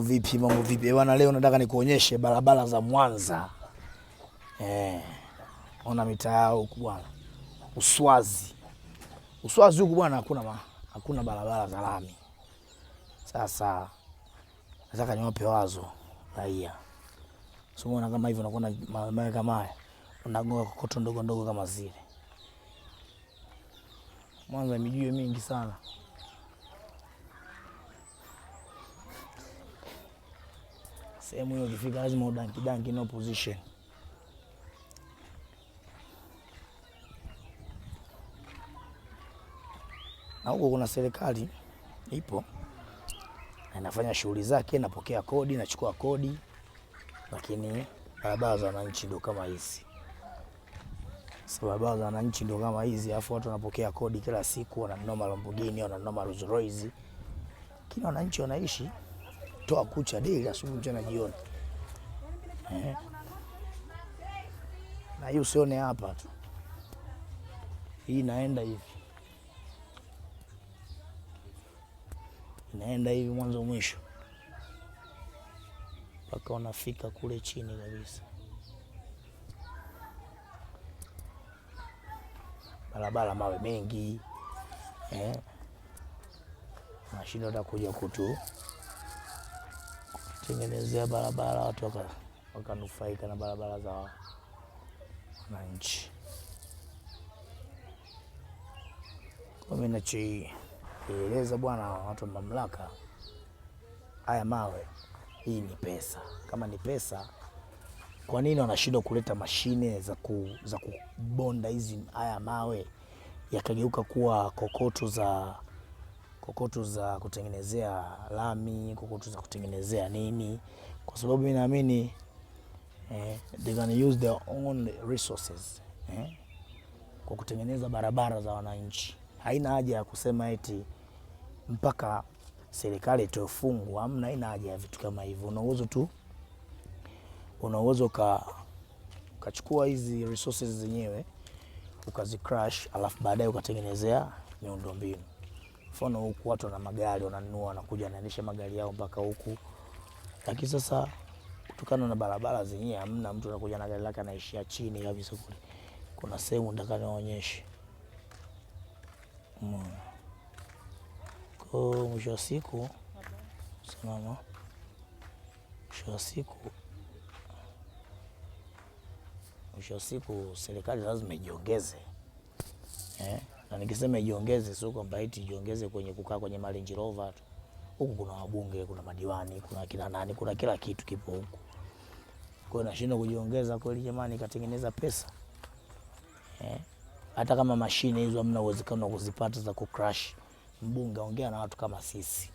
Vipi mambo vipi eh, bwana, leo nataka nikuonyeshe barabara za Mwanza eh, ona mitaa huku bwana, Uswazi. Uswazi huku bwana hakuna ma, hakuna barabara za lami. Sasa nataka niwape wazo raia, simuona kama hivyo unakuwa na mawe kama haya, unagonga kokoto ndogo ndogo kama zile. Mwanza mijue mingi sana. sehemu hiyo ukifika lazima udanki danki, no position. Na huko kuna serikali ipo inafanya shughuli zake, napokea kodi, nachukua kodi, lakini barabara za wananchi ndio kama hizi. Sasa barabara za wananchi ndio kama hizi, alafu watu wanapokea kodi kila siku, wananoma Lamborghini, wananoma Rolls Royce, kila wananchi wanaishi toa kucha daily, asubuhi, mchana, jioni eh. Na hii usione hapa tu, hii inaenda hivi, inaenda hivi mwanzo mwisho mpaka unafika kule chini kabisa. Barabara mawe mengi eh, mashindo atakuja kutu tengenezea barabara watu wakanufaika na barabara za wananchi. Mimi nachoieleza bwana, watu wa mamlaka, haya mawe, hii ni pesa. Kama ni pesa, kwa nini wanashindwa kuleta mashine za, ku, za kubonda hizi haya mawe yakageuka kuwa kokoto za kokoto za kutengenezea lami, kokotu za kutengenezea nini, kwa sababu mimi naamini eh, they gonna use their own resources eh, kwa kutengeneza barabara za wananchi. Haina haja ya kusema eti mpaka serikali itoe fungu, amna, haina haja ya vitu kama hivyo. Una uwezo tu, una uwezo ka ukachukua hizi resources zenyewe ukazicrash, alafu baadaye ukatengenezea miundombinu. Mfano huku watu wana magari wananunua, wanakuja wanaendesha magari yao mpaka huku, lakini sasa kutokana na barabara zenyewe hamna mtu anakuja na gari lake anaishia chini kabisa kule. Kuna sehemu nataka niwaonyeshe hmm. kwa mwisho wa siku salama, mwisho wa siku mwisho wa siku serikali lazima ijiongeze eh? nikisema ijiongeze, sio kwamba eti ijiongeze kwenye kukaa kwenye Range Rover tu. Huku kuna wabunge, kuna madiwani, kuna kila nani, kuna kila kitu kipo huku. Kwa hiyo nashindwa kujiongeza kweli jamani, katengeneza pesa eh? Hata kama mashine hizo hamna uwezekano wa kuzipata za kucrash, mbunge ongea na watu kama sisi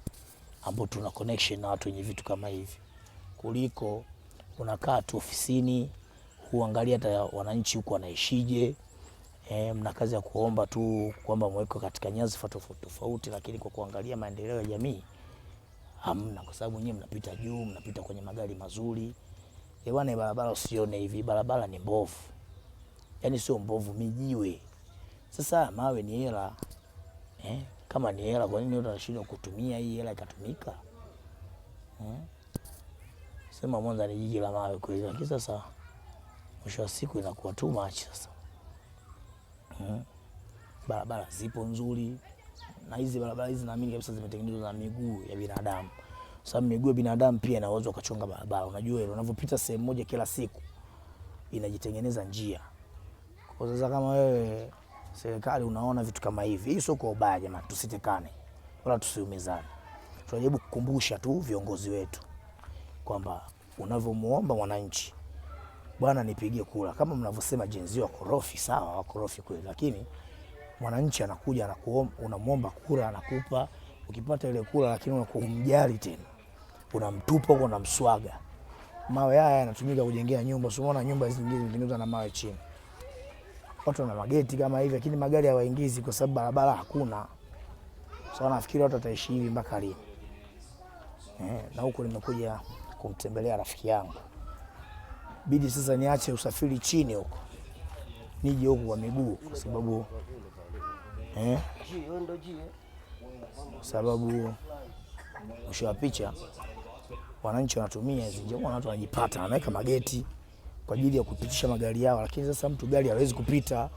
ambao tuna connection na watu wenye vitu kama hivi, kuliko unakaa tu ofisini huangalia hata wananchi huku wanaishije E, mna kazi ya kuomba tu kwamba mweko katika nyadhifa tofauti tofauti, lakini kwa kuangalia maendeleo ya jamii hamna, kwa sababu nyinyi mnapita juu, mnapita kwenye magari mazuri. Eh, bwana, barabara usione hivi, barabara ni mbovu, yani sio mbovu, mijiwe. Sasa mawe ni hela eh, kama ni hela, kwa nini watu kutumia hii hela ikatumika eh? Sema Mwanza ni jiji la mawe kweli, lakini sasa mwisho wa siku inakuwa too much sasa hmm. Barabara zipo nzuri, na hizi barabara hizi naamini kabisa zimetengenezwa na miguu ya binadamu, sababu miguu ya binadamu pia ina uwezo kuchonga barabara. Unajua ile unavyopita sehemu moja kila siku inajitengeneza njia. Kwa sasa kama wewe serikali unaona vitu kama hivi, hii sio kwa ubaya jamani, tusitekane wala tusiumizane. Tunajaribu kukumbusha tu viongozi wetu kwamba unavyomuomba mwananchi bwana, nipigie kura. Kama mnavyosema jenzi korofi, sawa, wa korofi kweli, lakini mwananchi anakuja anakuomba, unamwomba kura, anakupa, ukipata ile kura, lakini unakumjali tena, unamtupa huko, unamswaga. Mawe haya yanatumika kujengea nyumba, usiona nyumba zingine zimetengenezwa na mawe chini, watu wana mageti kama hivi, lakini magari hawaingizi kwa sababu barabara hakuna. Sasa nafikiri watu wataishi hivi mpaka lini? Eh, na huko nimekuja kumtembelea rafiki yangu bidi sasa niache usafiri chini huko nije huku kwa miguu kwa sababu eh, sababu mwisho wa picha wananchi wanatumia hizi njia, watu wanajipata, wanaweka mageti kwa ajili ya kupitisha magari yao, lakini sasa mtu gari hawezi kupita,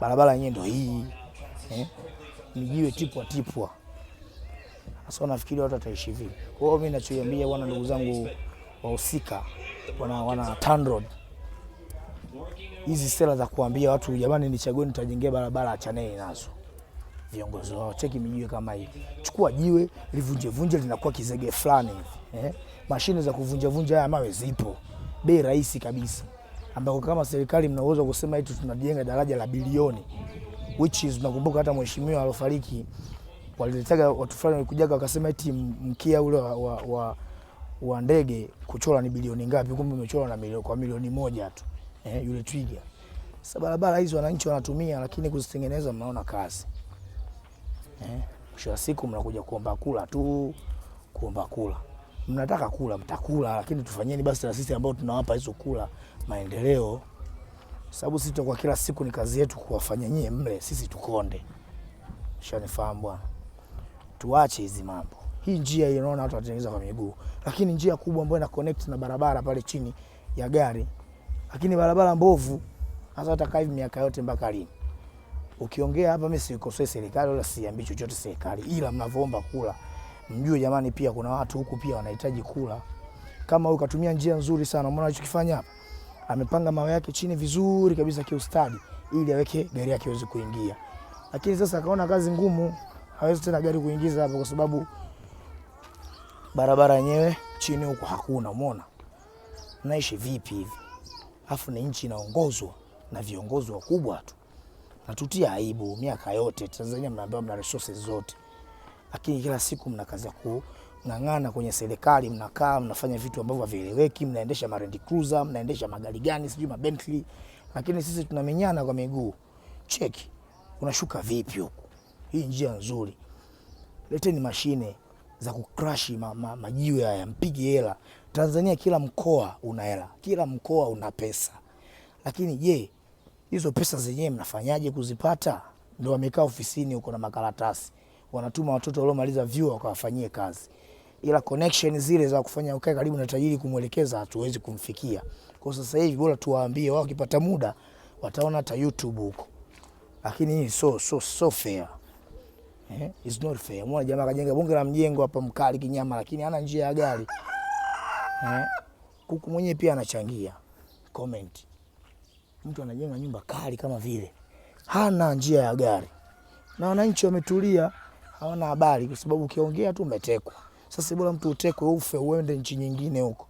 barabara yenyewe ndio hii eh, nijiwe tipwa tipwa. Sasa nafikiri watu wataishi vipi? Kwa hiyo mimi nachoiambia bwana, ndugu zangu wahusika wana, wana TANROADS hizi sera za kuambia watu jamani, nichague nitajengea barabara, achaneni nazo viongozi wao. Cheki mijiwe kama hivi, chukua jiwe livunjevunje, linakuwa kizege fulani hivi eh? Mashine za kuvunjavunja haya mawe zipo, bei rahisi kabisa, ambako kama serikali mnaweza kusema eti tunajenga daraja la bilioni, which is nakumbuka hata mheshimiwa alofariki waliletaga watu fulani walikujaga wakasema eti mkia ule wa, wa, wa wa ndege kuchora ni bilioni ngapi, kumbe umechora na milioni kwa milioni moja tu eh, yule twiga. Sasa barabara hizo wananchi wanatumia, lakini kuzitengeneza mnaona kazi eh. Mwisho wa siku mnakuja kuomba kula tu, kuomba kula. Mnataka kula, mtakula, lakini tufanyeni basi na sisi ambao tunawapa hizo kula maendeleo, sababu sisi tutakuwa kila siku ni kazi yetu kuwafanya nyie mle, sisi tukonde. Shanifahamu bwana, tuache hizi mambo hii njia inaona watu watengeneza kwa miguu, lakini njia kubwa ambayo ina connect na barabara pale chini ya gari, lakini barabara mbovu hasa hata hivi miaka yote mpaka lini? Ukiongea hapa, mimi sikosoe serikali wala siambi chochote serikali, ila mnavyoomba kula mjue jamani, pia kuna watu huku pia wanahitaji kula. Kama huyu katumia njia nzuri sana, umeona alichokifanya hapa, amepanga mawe yake chini vizuri kabisa kiustadi, ili aweke gari yake iweze kuingia. Lakini sasa akaona kazi ngumu, hawezi tena gari kuingiza hapo kwa sababu barabara yenyewe chini huko hakuna. Umeona naishi vipi hivi? Afu ni nchi inaongozwa na viongozi wakubwa tu, natutia aibu. Miaka yote Tanzania mnaambiwa mna resources zote, lakini kila siku mna kazi ya kung'ang'ana kwenye serikali, mnakaa mnafanya vitu ambavyo havieleweki, mnaendesha Land Cruiser, mnaendesha magari gani sijui ma Bentley, lakini sisi tunamenyana kwa miguu. Cheki unashuka vipi huko? Hii njia nzuri, leteni mashine za kukrash ma, ma, majiwe haya mpige hela. Tanzania kila mkoa una hela, kila mkoa una pesa, lakini je, hizo pesa zenyewe mnafanyaje kuzipata? Ndo wamekaa ofisini huko na makaratasi, wanatuma watoto waliomaliza vyuo wakawafanyie kazi, ila connection zile za kufanya ukae karibu na tajiri kumwelekeza hatuwezi kumfikia. Kwa sasa hivi bora tuwaambie wao, wakipata muda wataona hata YouTube huko, lakini hii so, so, so fair Eh, it's not fair. Mwana jamaa kajenga bunge la mjengo hapa mkali kinyama, lakini hana njia ya gari. Eh, kuku mwenyewe pia anachangia. Comment. Mtu anajenga nyumba kali kama vile hana njia ya gari, na wananchi wametulia, hawana habari, kwa sababu ukiongea tu umetekwa. Sasa bora mtu utekwe ufe uende nchi nyingine huko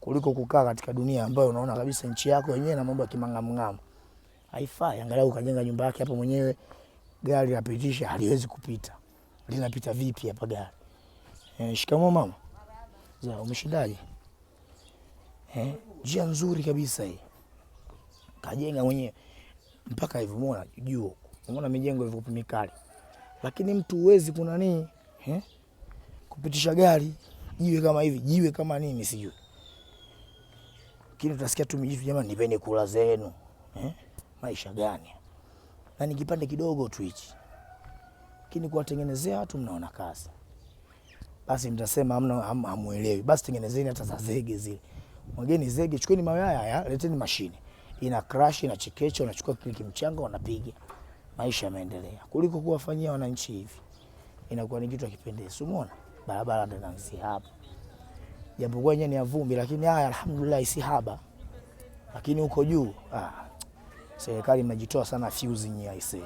kuliko kukaa katika dunia ambayo unaona kabisa nchi yako yenyewe na mambo ya kimang'amng'amu haifai. Angalau ukajenga nyumba yake hapo mwenyewe gari lapitisha, haliwezi kupita. Linapita vipi hapa gari? Eh, Shikamo mama. Za umeshindaje? Eh, njia nzuri kabisa hii. Kajenga mwenyewe mpaka hivyo, umeona juu, huko, umeona mijengo hivyo mikali, lakini mtu huwezi kuna nini eh, kupitisha gari jiwe kama hivi, jiwe kama nini sijui, lakini utasikia tu mjitu, jamani, nipeni kula zenu eh, maisha gani? na ni kipande kidogo tu hichi, lakini kuwatengenezea watu mnaona kazi. Basi mtasema hamna, hamuelewi. Basi tengenezeni hata za zege zile, mwageni zege, chukueni mawe haya haya, leteni mashine ina crash ina chekecha, unachukua kile kimchanga unapiga, maisha yameendelea, kuliko kuwafanyia wananchi hivi. Inakuwa ni kitu kipendezi. Umeona barabara ndo inaanzia hapa, japokuwa yenyewe ni ya vumbi, lakini haya alhamdulillah si haba, lakini huko juu ah serikali mnajitoa sana fuse ya IC.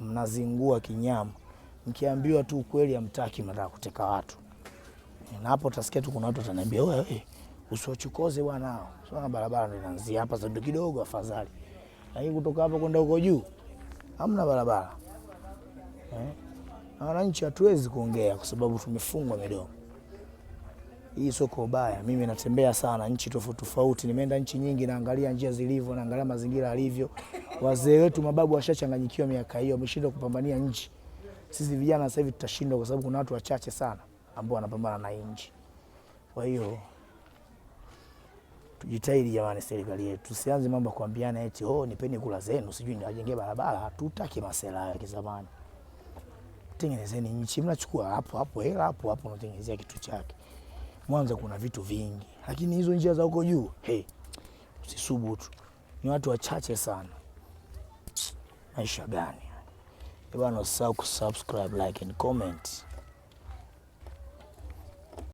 Mnazingua kinyama. Mkiambiwa tu ukweli amtaki mnataka kuteka watu. Na hapo utasikia tu kuna watu wataniambia wewe usiochukoze bwana sana, barabara ndio inaanzia hapa zaidi kidogo afadhali. Lakini kutoka hapo kwenda huko juu hamna barabara. Eh? Wananchi hatuwezi kuongea kwa sababu tumefungwa midomo hii soko baya. Mimi natembea sana nchi tofauti tofauti, nimeenda nchi nyingi, naangalia njia zilivyo, naangalia mazingira alivyo. Wazee wetu mababu washachanganyikiwa miaka hiyo, wameshindwa kupambania nchi. Sisi vijana sasa hivi tutashindwa, kwa sababu kuna watu wachache sana ambao wanapambana na nchi. Kwa hiyo tujitahidi jamani, serikali yetu, tusianze mambo kuambiana eti oh, nipeni kula zenu, sijui niwajengee barabara. Hatutaki masela ya kizamani, tengenezeni nchi. Mnachukua hapo hapo hela hapo hapo, unatengenezea kitu chake. Mwanza kuna vitu vingi, lakini hizo njia za huko juu hey, usisubutu. Ni watu wachache sana. Maisha gani bwana? Usisahau kusubscribe, like and comment.